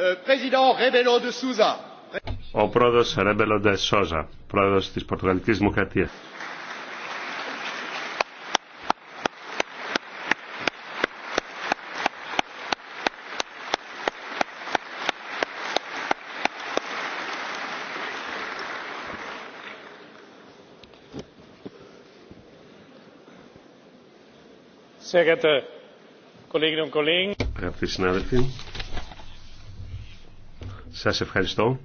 Ε, Ο πρόεδρος Ρεμπέλο Ντε Σόζα, πρόεδρος της Πορτογαλικής Δημοκρατίας. Αγαπητοί συνάδελφοι, σας ευχαριστώ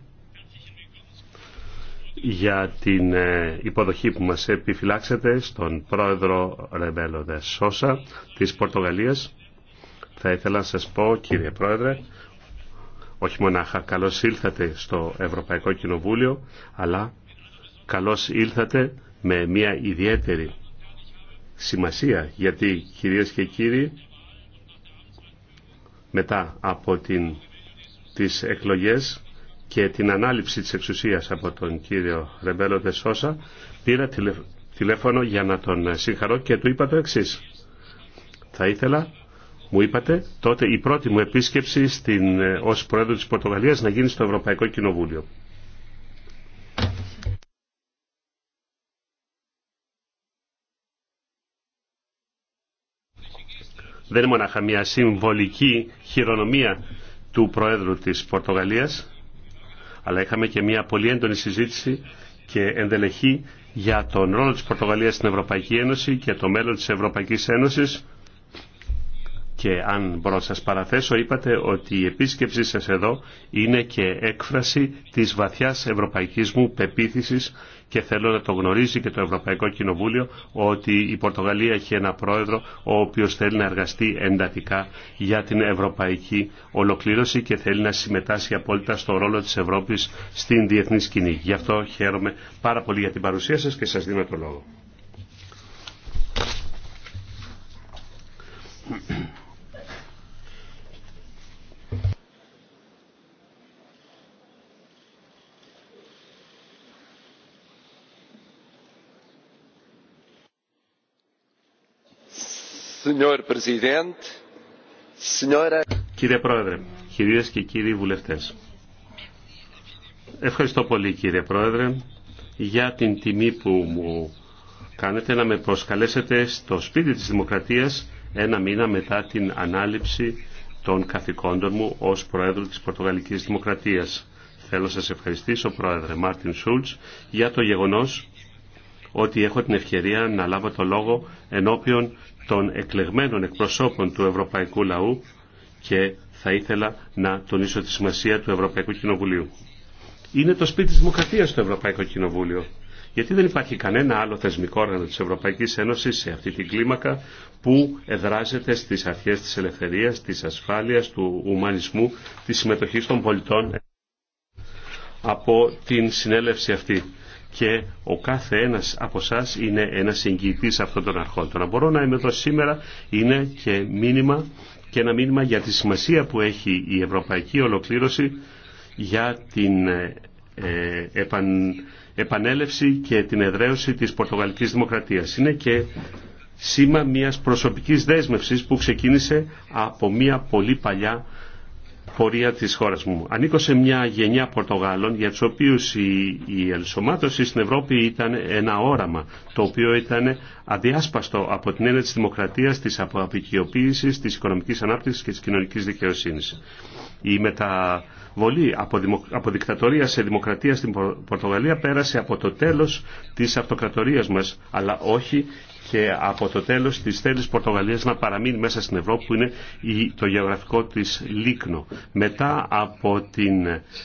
για την ε, υποδοχή που μας επιφυλάξατε στον πρόεδρο Ρεμπέλο Δε Σόσα της Πορτογαλίας. Θα ήθελα να σας πω κύριε πρόεδρε, όχι μονάχα καλώς ήλθατε στο Ευρωπαϊκό Κοινοβούλιο, αλλά καλώς ήλθατε με μια ιδιαίτερη σημασία, γιατί κυρίες και κύριοι, μετά από την τις εκλογές και την ανάληψη της εξουσίας από τον κύριο Ρεμπέλο Δεσόσα πήρα τηλέφωνο για να τον συγχαρώ και του είπα το εξής. Θα ήθελα, μου είπατε, τότε η πρώτη μου επίσκεψη στην, ε, ως πρόεδρο της Πορτογαλίας να γίνει στο Ευρωπαϊκό Κοινοβούλιο. Δεν είναι μονάχα μια συμβολική χειρονομία του Προέδρου της Πορτογαλίας, αλλά είχαμε και μια πολύ έντονη συζήτηση και ενδελεχή για τον ρόλο της Πορτογαλίας στην Ευρωπαϊκή Ένωση και το μέλλον της Ευρωπαϊκής Ένωσης και αν μπορώ να σας παραθέσω, είπατε ότι η επίσκεψή σας εδώ είναι και έκφραση της βαθιάς ευρωπαϊκής μου πεποίθησης και θέλω να το γνωρίζει και το Ευρωπαϊκό Κοινοβούλιο ότι η Πορτογαλία έχει ένα πρόεδρο ο οποίος θέλει να εργαστεί εντατικά για την ευρωπαϊκή ολοκλήρωση και θέλει να συμμετάσχει απόλυτα στο ρόλο της Ευρώπης στην διεθνή σκηνή. Γι' αυτό χαίρομαι πάρα πολύ για την παρουσία σας και σας δίνω το λόγο. Κύριε Πρόεδρε, κυρίες και κύριοι βουλευτές, ευχαριστώ πολύ κύριε Πρόεδρε για την τιμή που μου κάνετε να με προσκαλέσετε στο σπίτι της Δημοκρατίας ένα μήνα μετά την ανάληψη των καθηκόντων μου ως Πρόεδρο της Πορτογαλικής Δημοκρατίας. Θέλω να σας ευχαριστήσω, Πρόεδρε Μάρτιν Σούλτς, για το γεγονός ότι έχω την ευκαιρία να λάβω το λόγο ενώπιον των εκλεγμένων εκπροσώπων του Ευρωπαϊκού Λαού και θα ήθελα να τονίσω τη σημασία του Ευρωπαϊκού Κοινοβουλίου. Είναι το σπίτι της δημοκρατίας το Ευρωπαϊκό Κοινοβούλιο. Γιατί δεν υπάρχει κανένα άλλο θεσμικό όργανο της Ευρωπαϊκής Ένωσης σε αυτή την κλίμακα που εδράζεται στις αρχές της ελευθερίας, της ασφάλειας, του ουμανισμού, της συμμετοχής των πολιτών από την συνέλευση αυτή και ο κάθε ένας από εσά είναι ένας εγγυητής αυτών των αρχών. Το να μπορώ να είμαι εδώ σήμερα είναι και μήνυμα και ένα μήνυμα για τη σημασία που έχει η ευρωπαϊκή ολοκλήρωση για την ε, επαν, επανέλευση και την εδραίωση της Πορτογαλικής Δημοκρατίας. Είναι και σήμα μιας προσωπικής δέσμευσης που ξεκίνησε από μια πολύ παλιά πορεία της χώρας μου. Ανήκω σε μια γενιά Πορτογάλων για τους οποίους η, η στην Ευρώπη ήταν ένα όραμα το οποίο ήταν αδιάσπαστο από την έννοια της δημοκρατίας, της αποαπικιοποίησης, της οικονομικής ανάπτυξης και της κοινωνικής δικαιοσύνης. Η μεταβολή από, δημο, δικτατορία σε δημοκρατία στην Πορτογαλία πέρασε από το τέλος της αυτοκρατορίας μας αλλά όχι και από το τέλος της θέλης Πορτογαλίας να παραμείνει μέσα στην Ευρώπη που είναι το γεωγραφικό της λίκνο. Μετά από την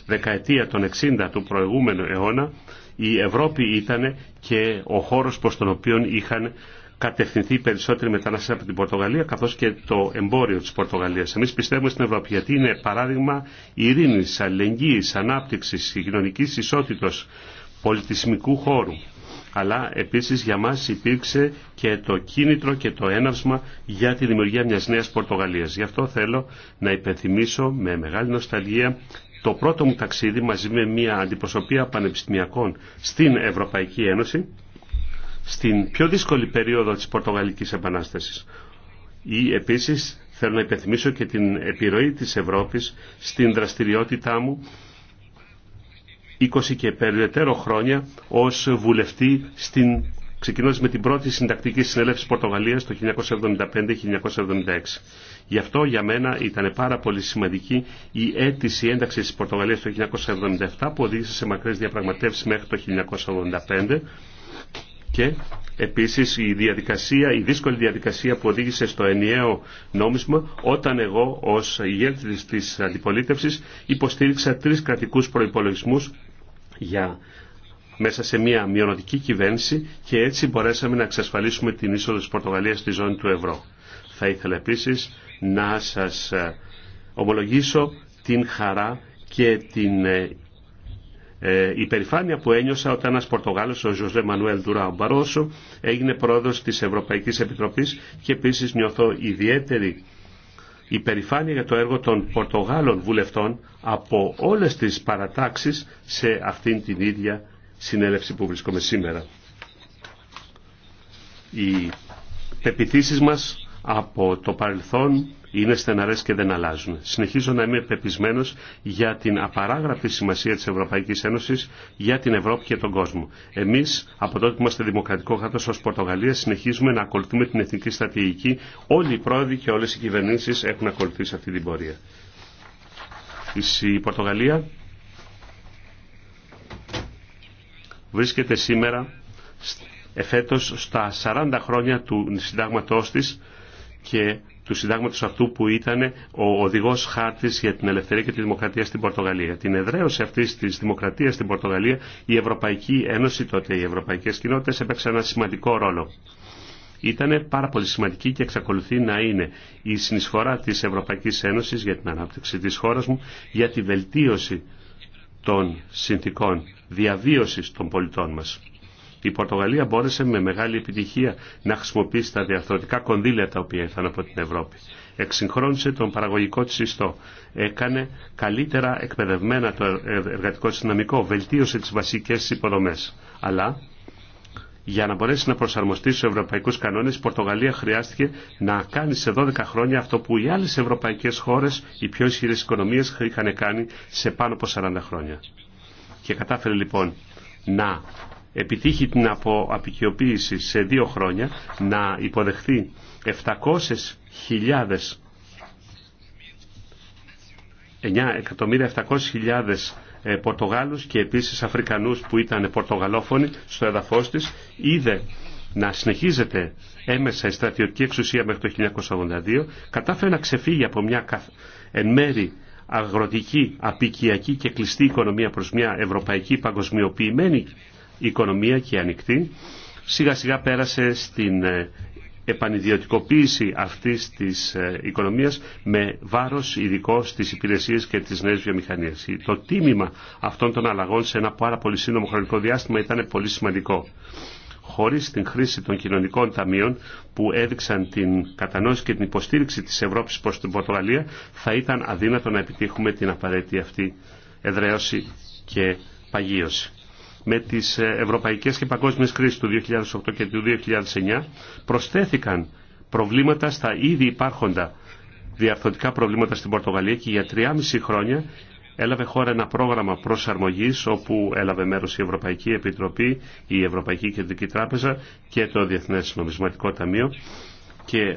δεκαετία των 60 του προηγούμενου αιώνα η Ευρώπη ήταν και ο χώρος προς τον οποίο είχαν κατευθυνθεί περισσότεροι μετανάστες από την Πορτογαλία καθώς και το εμπόριο της Πορτογαλίας. Εμείς πιστεύουμε στην Ευρώπη γιατί είναι παράδειγμα ειρήνης, αλληλεγγύης, ανάπτυξης, κοινωνική ισότητα πολιτισμικού χώρου αλλά επίσης για μας υπήρξε και το κίνητρο και το έναυσμα για τη δημιουργία μιας νέας Πορτογαλίας. Γι' αυτό θέλω να υπενθυμίσω με μεγάλη νοσταλγία το πρώτο μου ταξίδι μαζί με μια αντιπροσωπεία πανεπιστημιακών στην Ευρωπαϊκή Ένωση στην πιο δύσκολη περίοδο της Πορτογαλικής Επανάστασης. Ή επίσης θέλω να υπενθυμίσω και την επιρροή της Ευρώπης στην δραστηριότητά μου 20 και περαιτέρω χρόνια ως βουλευτή στην ξεκινώντας με την πρώτη συντακτική συνέλευση Πορτογαλίας το 1975-1976. Γι' αυτό για μένα ήταν πάρα πολύ σημαντική η αίτηση ένταξη τη Πορτογαλίας το 1977 που οδήγησε σε μακρέ διαπραγματεύσει μέχρι το 1985 και επίσης η διαδικασία, η δύσκολη διαδικασία που οδήγησε στο ενιαίο νόμισμα όταν εγώ ως ηγέτης της αντιπολίτευσης υποστήριξα τρεις κρατικούς προϋπολογισμούς για μέσα σε μια μειονοτική κυβέρνηση και έτσι μπορέσαμε να εξασφαλίσουμε την είσοδο της Πορτογαλίας στη ζώνη του ευρώ. Θα ήθελα επίσης να σας ε, ομολογήσω την χαρά και την ε, ε, υπερηφάνεια που ένιωσα όταν ένας Πορτογάλος, ο Ζωζέ Μανουέλ Ντουράου Μπαρόσο, έγινε πρόεδρος της Ευρωπαϊκής Επιτροπής και επίσης νιώθω ιδιαίτερη η περηφάνεια για το έργο των Πορτογάλων βουλευτών από όλες τις παρατάξεις σε αυτήν την ίδια συνέλευση που βρίσκομαι σήμερα. Οι πεπιθήσεις μας από το παρελθόν είναι στεναρέ και δεν αλλάζουν. Συνεχίζω να είμαι πεπισμένο για την απαράγραπτη σημασία τη Ευρωπαϊκή Ένωση για την Ευρώπη και τον κόσμο. Εμεί από τότε που είμαστε δημοκρατικό χάρτο ω Πορτογαλία συνεχίζουμε να ακολουθούμε την εθνική στρατηγική. Όλοι οι πρόεδροι και όλε οι κυβερνήσει έχουν ακολουθήσει αυτή την πορεία. Η Πορτογαλία βρίσκεται σήμερα εφέτος στα 40 χρόνια του συντάγματός της και του συντάγματο αυτού που ήταν ο οδηγό χάρτη για την ελευθερία και τη δημοκρατία στην Πορτογαλία. Την εδραίωση αυτή τη δημοκρατία στην Πορτογαλία η Ευρωπαϊκή Ένωση τότε, οι ευρωπαϊκέ κοινότητε έπαιξαν ένα σημαντικό ρόλο. Ήταν πάρα πολύ σημαντική και εξακολουθεί να είναι η συνεισφορά τη Ευρωπαϊκή Ένωση για την ανάπτυξη τη χώρα μου, για τη βελτίωση των συνθήκων διαβίωσης των πολιτών μα η Πορτογαλία μπόρεσε με μεγάλη επιτυχία να χρησιμοποιήσει τα διαφθορτικά κονδύλια τα οποία ήρθαν από την Ευρώπη. Εξυγχρόνισε τον παραγωγικό τη ιστό. Έκανε καλύτερα εκπαιδευμένα το εργατικό της δυναμικό. Βελτίωσε τι βασικές υποδομέ. Αλλά για να μπορέσει να προσαρμοστεί στου ευρωπαϊκού κανόνε, η Πορτογαλία χρειάστηκε να κάνει σε 12 χρόνια αυτό που οι άλλε ευρωπαϊκέ χώρε, οι πιο ισχυρέ οικονομίε, είχαν κάνει σε πάνω από 40 χρόνια. Και κατάφερε λοιπόν να επιτύχει την αποαπικιοποίηση σε δύο χρόνια, να υποδεχθεί 700.000 9.700.000 ε, Πορτογάλους και επίσης Αφρικανούς που ήταν Πορτογαλόφωνοι στο εδαφός της είδε να συνεχίζεται έμεσα η στρατιωτική εξουσία μέχρι το 1982 κατάφερε να ξεφύγει από μια εν μέρη αγροτική, απικιακή και κλειστή οικονομία προς μια ευρωπαϊκή παγκοσμιοποιημένη οικονομία και ανοιχτή. Σιγά σιγά πέρασε στην ε, επανιδιωτικοποίηση αυτής της ε, οικονομίας με βάρος ειδικό στις υπηρεσίες και τις νέες βιομηχανίες. Το τίμημα αυτών των αλλαγών σε ένα πάρα πολύ σύντομο χρονικό διάστημα ήταν πολύ σημαντικό. Χωρίς την χρήση των κοινωνικών ταμείων που έδειξαν την κατανόηση και την υποστήριξη της Ευρώπης προς την Πορτογαλία θα ήταν αδύνατο να επιτύχουμε την απαραίτητη αυτή εδραίωση και παγίωση με τις ε, ευρωπαϊκές και παγκόσμιες κρίσεις του 2008 και του 2009 προσθέθηκαν προβλήματα στα ήδη υπάρχοντα διαρθωτικά προβλήματα στην Πορτογαλία και για 3,5 χρόνια έλαβε χώρα ένα πρόγραμμα προσαρμογής όπου έλαβε μέρος η Ευρωπαϊκή Επιτροπή, η Ευρωπαϊκή Κεντρική Τράπεζα και το Διεθνές Νομισματικό Ταμείο και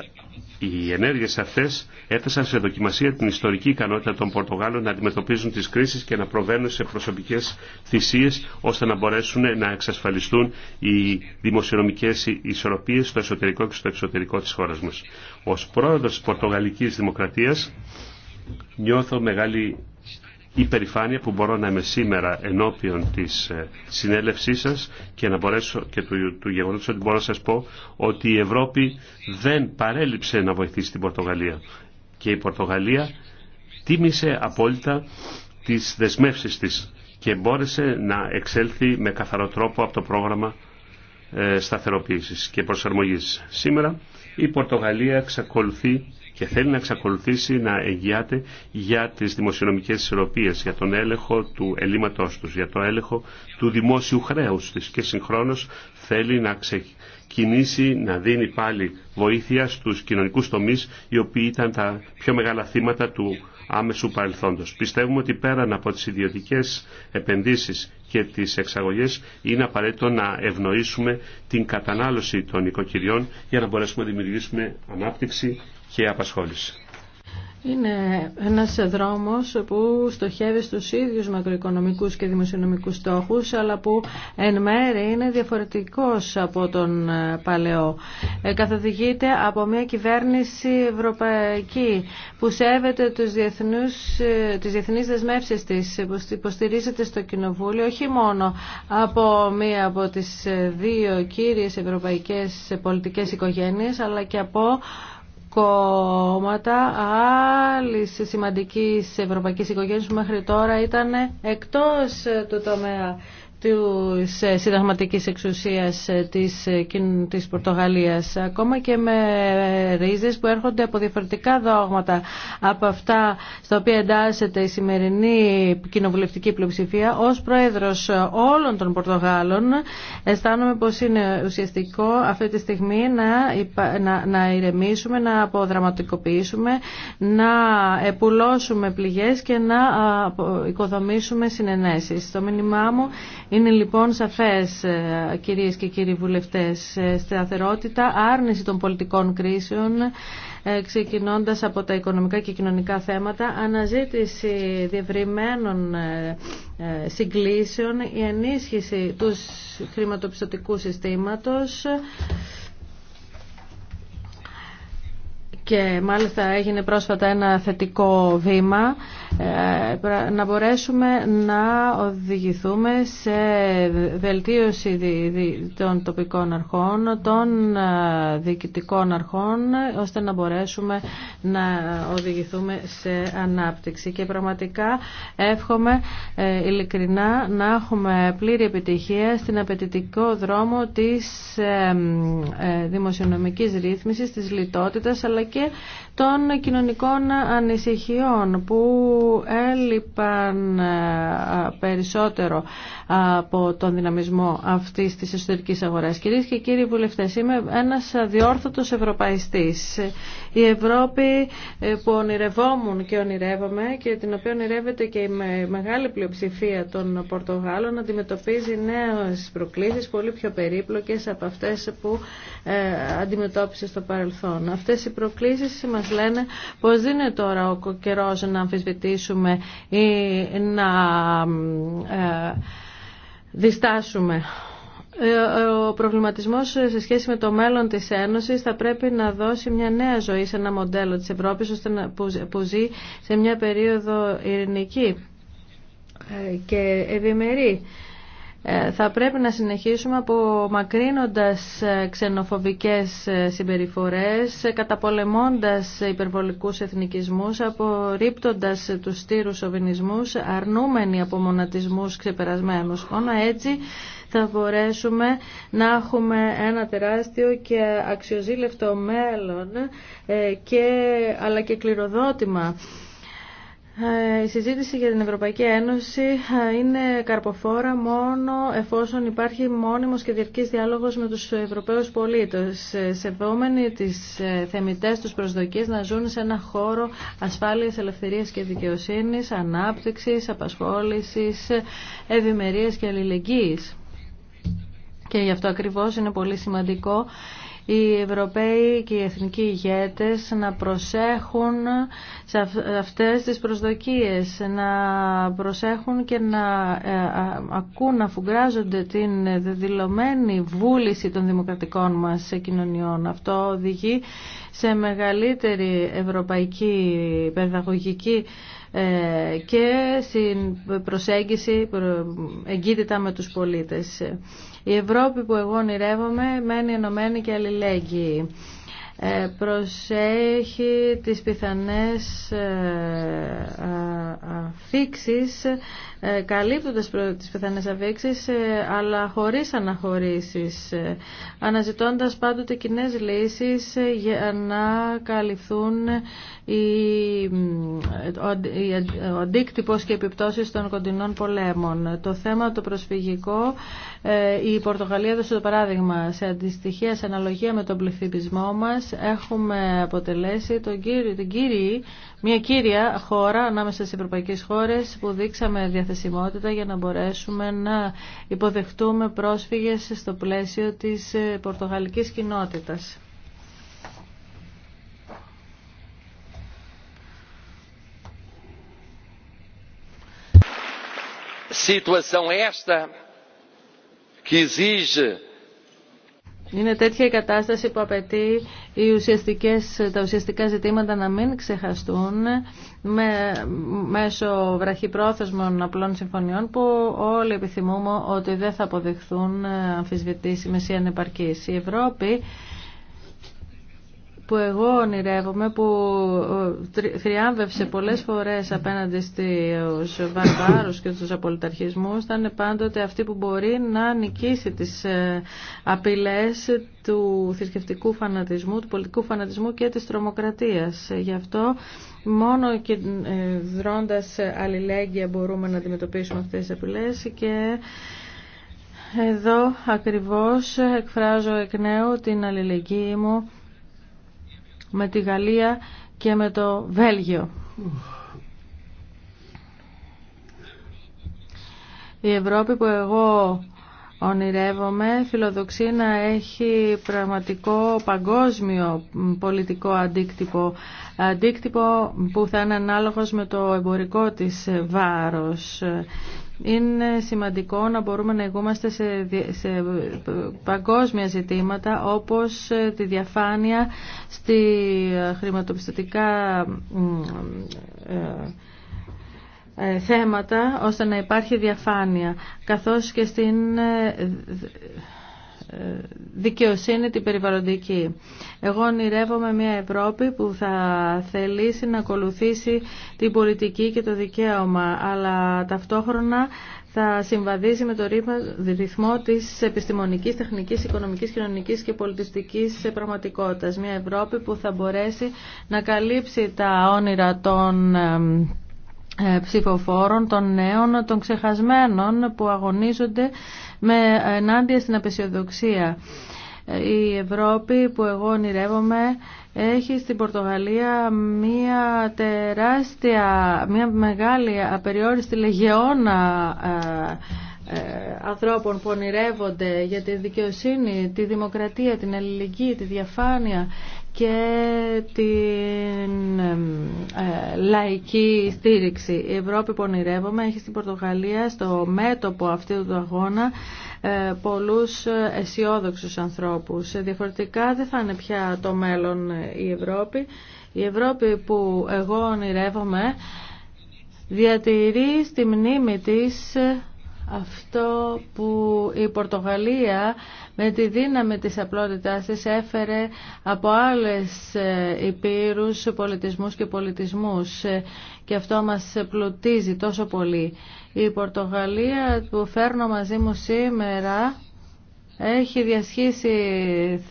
οι ενέργειες αυτές έθεσαν σε δοκιμασία την ιστορική ικανότητα των Πορτογάλων να αντιμετωπίζουν τις κρίσεις και να προβαίνουν σε προσωπικές θυσίες ώστε να μπορέσουν να εξασφαλιστούν οι δημοσιονομικές ισορροπίες στο εσωτερικό και στο εξωτερικό της χώρας μας. Ως πρόεδρος τη Πορτογαλικής δημοκρατία νιώθω μεγάλη η περηφάνεια που μπορώ να είμαι σήμερα ενώπιον της ε, συνέλευσής σας και, να μπορέσω, και του, του γεγονότος ότι μπορώ να σας πω ότι η Ευρώπη δεν παρέλειψε να βοηθήσει την Πορτογαλία. Και η Πορτογαλία τίμησε απόλυτα τις δεσμεύσεις της και μπόρεσε να εξέλθει με καθαρό τρόπο από το πρόγραμμα ε, σταθεροποίησης και προσαρμογής. Σήμερα η Πορτογαλία εξακολουθεί και θέλει να εξακολουθήσει να εγγυάται για τις δημοσιονομικές ισορροπίες, για τον έλεγχο του ελλείμματός τους, για το έλεγχο του δημόσιου χρέους της και συγχρόνως θέλει να ξεκινήσει να δίνει πάλι βοήθεια στους κοινωνικούς τομείς οι οποίοι ήταν τα πιο μεγάλα θύματα του άμεσου παρελθόντος. Πιστεύουμε ότι πέραν από τις ιδιωτικές επενδύσεις και τις εξαγωγές είναι απαραίτητο να ευνοήσουμε την κατανάλωση των οικοκυριών για να μπορέσουμε να δημιουργήσουμε ανάπτυξη είναι ένας δρόμος που στοχεύει στους ίδιους μακροοικονομικούς και δημοσιονομικούς στόχους, αλλά που εν μέρει είναι διαφορετικός από τον ε, παλαιό. Ε, καθοδηγείται από μια κυβέρνηση ευρωπαϊκή που σέβεται τους διεθνούς, ε, τις διεθνείς δεσμεύσεις που υποστηρίζεται στο Κοινοβούλιο, όχι μόνο από μία από τις δύο κύριες ευρωπαϊκές πολιτικές οικογένειες, αλλά και από κόμματα άλλη σημαντική ευρωπαϊκή οικογένεια που μέχρι τώρα ήταν εκτός του τομέα της ε, συνταγματικής εξουσίας ε, της, ε, της Πορτογαλίας ακόμα και με ρίζες που έρχονται από διαφορετικά δόγματα από αυτά στα οποία εντάσσεται η σημερινή κοινοβουλευτική πλειοψηφία ως πρόεδρος όλων των Πορτογάλων αισθάνομαι πως είναι ουσιαστικό αυτή τη στιγμή να, να, να ηρεμήσουμε, να αποδραματικοποιήσουμε να επουλώσουμε πληγές και να οικοδομήσουμε συνενέσεις. Το μήνυμά μου είναι λοιπόν σαφές, ε, κυρίες και κύριοι βουλευτές, ε, σταθερότητα, άρνηση των πολιτικών κρίσεων, ε, ξεκινώντας από τα οικονομικά και κοινωνικά θέματα, αναζήτηση διευρυμένων συγκλήσεων, η ενίσχυση του χρηματοπιστωτικού συστήματος, και μάλιστα έγινε πρόσφατα ένα θετικό βήμα ε, να μπορέσουμε να οδηγηθούμε σε βελτίωση των τοπικών αρχών, των ε, διοικητικών αρχών, ώστε να μπορέσουμε να οδηγηθούμε σε ανάπτυξη. Και πραγματικά εύχομαι ε, ειλικρινά να έχουμε πλήρη επιτυχία στην απαιτητικό δρόμο της δημοσιονομικής ρύθμισης, της λιτότητας, αλλά και των κοινωνικών ανησυχιών που έλειπαν ε, περισσότερο από τον δυναμισμό αυτής της εσωτερικής αγοράς. Κυρίες και κύριοι βουλευτές, είμαι ένας αδιόρθωτος ευρωπαϊστής. Η Ευρώπη ε, που ονειρευόμουν και ονειρεύομαι και την οποία ονειρεύεται και η μεγάλη πλειοψηφία των Πορτογάλων αντιμετωπίζει νέες προκλήσεις πολύ πιο περίπλοκες από αυτές που ε, αντιμετώπισε στο παρελθόν. Αυτές οι προκλήσεις μας λένε πως δεν είναι τώρα ο καιρό να αμφισβητήσουμε ή να ε, διστάσουμε. Ε, ο προβληματισμός σε σχέση με το μέλλον της Ένωσης θα πρέπει να δώσει μια νέα ζωή σε ένα μοντέλο της Ευρώπης που ζει σε μια περίοδο ειρηνική ε, και ευημερή. Ε, θα πρέπει να συνεχίσουμε απομακρύνοντας ε, ξενοφοβικές ε, συμπεριφορές, καταπολεμώντας υπερβολικούς εθνικισμούς, απορρίπτοντας τους στήρους σοβινισμούς, αρνούμενοι από μονατισμούς ξεπερασμένους. έτσι θα μπορέσουμε να έχουμε ένα τεράστιο και αξιοζήλευτο μέλλον, και, αλλά και κληροδότημα ε, η συζήτηση για την Ευρωπαϊκή Ένωση ε, είναι καρποφόρα μόνο εφόσον υπάρχει μόνιμος και διαρκής διάλογος με τους Ευρωπαίους πολίτες, ε, σεβόμενοι τις θεμητές τους προσδοκίες να ζουν σε ένα χώρο ασφάλειας, ελευθερίας και δικαιοσύνης, ανάπτυξης, απασχόλησης, ευημερίας και αλληλεγγύης. Και γι' αυτό ακριβώς είναι πολύ σημαντικό οι Ευρωπαίοι και οι εθνικοί ηγέτες να προσέχουν σε αυτές τις προσδοκίες, να προσέχουν και να ε, ακούν, να φουγκράζονται την δηλωμένη βούληση των δημοκρατικών μας κοινωνιών. Αυτό οδηγεί σε μεγαλύτερη ευρωπαϊκή παιδαγωγική ε, και στην προσέγγιση εγκύτητα με τους πολίτες. Η Ευρώπη που εγώ ονειρεύομαι μένει ενωμένη και αλληλέγγυη. Ε, προσέχει τις πιθανές ε, αφήξεις ε, καλύπτοντας τις πιθανές αφήξεις ε, αλλά χωρίς αναχωρήσεις, ε, αναζητώντας πάντοτε κοινέ λύσεις για να καλυφθούν ο αντίκτυπος και οι επιπτώσεις των κοντινών πολέμων. Το θέμα το προσφυγικό, η Πορτογαλία δώσε το παράδειγμα σε αντιστοιχεία, σε αναλογία με τον πληθυπισμό μας, έχουμε αποτελέσει τον μια κύρια χώρα ανάμεσα στις ευρωπαϊκές χώρες που δείξαμε διαθεσιμότητα για να μπορέσουμε να υποδεχτούμε πρόσφυγες στο πλαίσιο της ε, πορτογαλικής κοινότητας. Situação esta que είναι τέτοια η κατάσταση που απαιτεί οι ουσιαστικές, τα ουσιαστικά ζητήματα να μην ξεχαστούν με, μέσω βραχυπρόθεσμων απλών συμφωνιών που όλοι επιθυμούμε ότι δεν θα αποδεχθούν αμφισβητήσιμες ή ανεπαρκείς. Η Ευρώπη που εγώ ονειρεύομαι, που ε, θριάμβευσε πολλές φορές απέναντι στους βαρβάρους και στους απολυταρχισμούς, ήταν πάντοτε αυτή που μπορεί να νικήσει τις ε, απειλές του θρησκευτικού φανατισμού, του πολιτικού φανατισμού και της τρομοκρατίας. Γι' αυτό μόνο και ε, δρώντας αλληλέγγυα μπορούμε να αντιμετωπίσουμε αυτές τις απειλές και εδώ ακριβώς εκφράζω εκ νέου την αλληλεγγύη μου με τη Γαλλία και με το Βέλγιο. Η Ευρώπη που εγώ ονειρεύομαι φιλοδοξεί να έχει πραγματικό παγκόσμιο πολιτικό αντίκτυπο. Αντίκτυπο που θα είναι ανάλογος με το εμπορικό της βάρος. Είναι σημαντικό να μπορούμε να ηγούμαστε σε, παγκόσμια ζητήματα όπως ε, τη διαφάνεια στη ε, χρηματοπιστωτικά ε, θέματα ώστε να υπάρχει διαφάνεια καθώς και στην δικαιοσύνη την περιβαλλοντική. Εγώ ονειρεύομαι μια Ευρώπη που θα θελήσει να ακολουθήσει την πολιτική και το δικαίωμα, αλλά ταυτόχρονα θα συμβαδίζει με το ρυθμό της επιστημονικής, τεχνικής, οικονομικής, κοινωνικής και πολιτιστικής πραγματικότητας. Μια Ευρώπη που θα μπορέσει να καλύψει τα όνειρα των ε, ψηφοφόρων, των νέων, των ξεχασμένων που αγωνίζονται με ενάντια στην απεσιοδοξία. Η Ευρώπη που εγώ ονειρεύομαι έχει στην Πορτογαλία μία τεράστια, μία μεγάλη απεριόριστη λεγεώνα ε, ε, ανθρώπων που ονειρεύονται για τη δικαιοσύνη, τη δημοκρατία, την ελληνική, τη διαφάνεια και την ε, λαϊκή στήριξη. Η Ευρώπη που ονειρεύομαι έχει στην Πορτογαλία στο μέτωπο αυτού του αγώνα ε, πολλούς αισιόδοξου ανθρώπους. Ε, διαφορετικά δεν θα είναι πια το μέλλον η Ευρώπη. Η Ευρώπη που εγώ ονειρεύομαι διατηρεί στη μνήμη της αυτό που η Πορτογαλία με τη δύναμη της απλότητάς της έφερε από άλλες ε, υπήρους πολιτισμούς και πολιτισμούς ε, και αυτό μας πλουτίζει τόσο πολύ. Η Πορτογαλία που φέρνω μαζί μου σήμερα έχει διασχίσει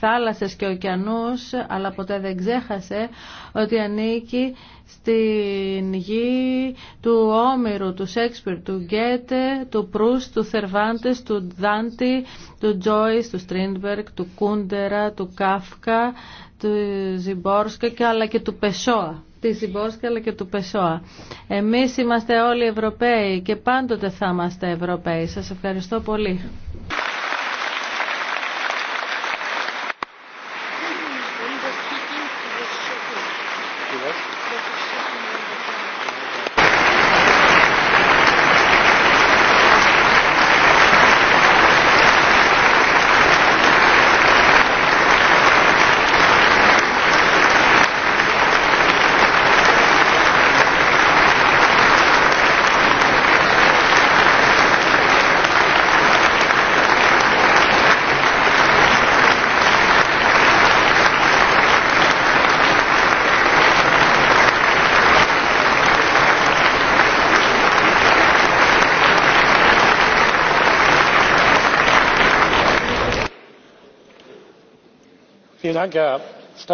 θάλασσες και ωκεανούς, αλλά ποτέ δεν ξέχασε ότι ανήκει στην γη του Όμηρου, του Σέξπιρ, του Γκέτε, του Προύς, του Θερβάντες, του Δάντη, του Τζόις, του Στρίντμπεργκ, του Κούντερα, του Κάφκα, του Ζιμπόρσκα και αλλά και του Πεσόα τη Ζιμπόρσκα, αλλά και του Πεσόα. Εμείς είμαστε όλοι Ευρωπαίοι και πάντοτε θα είμαστε Ευρωπαίοι. Σας ευχαριστώ πολύ.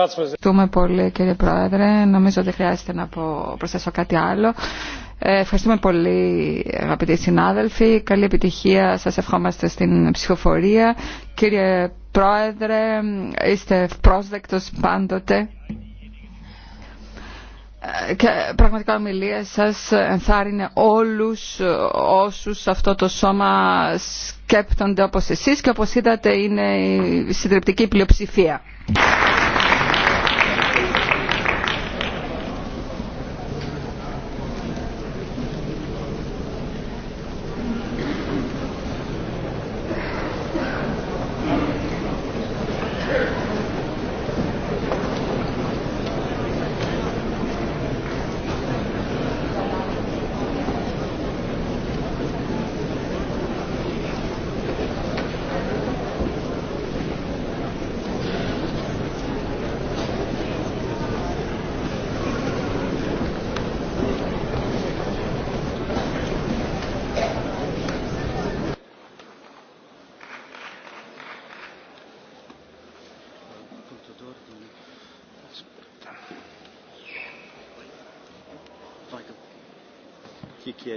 Ευχαριστούμε πολύ κύριε Πρόεδρε. Νομίζω ότι χρειάζεται να προσθέσω κάτι άλλο. Ε, ευχαριστούμε πολύ αγαπητοί συνάδελφοι. Καλή επιτυχία. Σας ευχόμαστε στην ψηφοφορία. Κύριε Πρόεδρε, είστε πρόσδεκτος πάντοτε και πραγματικά η ομιλία σας ενθάρρυνε όλους όσους αυτό το σώμα σκέπτονται όπως εσείς και όπως είδατε είναι η συντριπτική πλειοψηφία.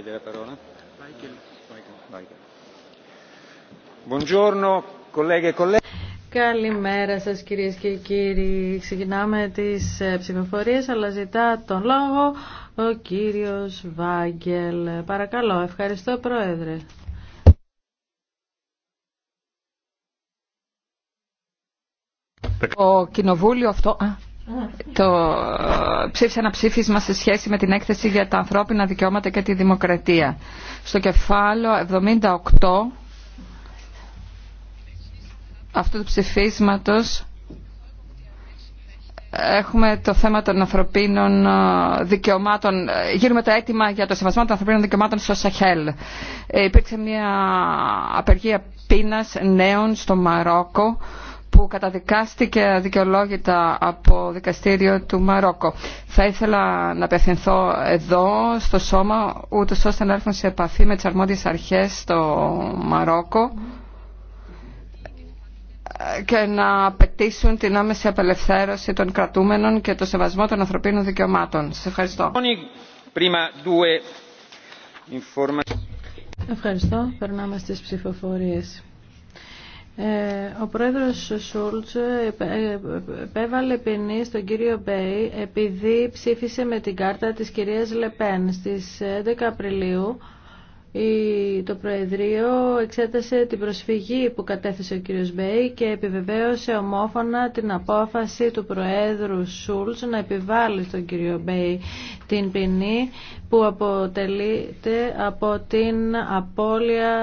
chiedere la parola. Buongiorno, colleghe e colleghi. Καλημέρα σας κυρίες και κύριοι. Ξεκινάμε τις ε, ψηφοφορίες, αλλά ζητά τον λόγο ο κύριος Βάγκελ. Παρακαλώ, ευχαριστώ πρόεδρε. Το κοινοβούλιο αυτό το, ψήφισε ένα ψήφισμα σε σχέση με την έκθεση για τα ανθρώπινα δικαιώματα και τη δημοκρατία. Στο κεφάλαιο 78 αυτού του ψηφίσματος έχουμε το θέμα των ανθρωπίνων ε, δικαιωμάτων. Γίνουμε το αίτημα για το σεβασμό των ανθρωπίνων δικαιωμάτων στο Σαχέλ. Ε, υπήρξε μια απεργία πείνας νέων στο Μαρόκο που καταδικάστηκε αδικαιολόγητα από δικαστήριο του Μαρόκο. Θα ήθελα να απευθυνθώ εδώ στο σώμα ούτω ώστε να έρθουν σε επαφή με τις αρμόδιες αρχές στο Μαρόκο και να απαιτήσουν την άμεση απελευθέρωση των κρατούμενων και το σεβασμό των ανθρωπίνων δικαιωμάτων. Σας ευχαριστώ. Ευχαριστώ. Περνάμε στις ψηφοφορίες. Ε, ο πρόεδρος Σούλτς ε, ε, επέβαλε ποινή στον κύριο Μπέι επειδή ψήφισε με την κάρτα της κυρίας Λεπέν στις 11 Απριλίου το Προεδρείο εξέτασε την προσφυγή που κατέθεσε ο κύριος Μπέι και επιβεβαίωσε ομόφωνα την απόφαση του Προέδρου Σούλτς να επιβάλλει στον κύριο Μπέι την ποινή που αποτελείται από την απώλεια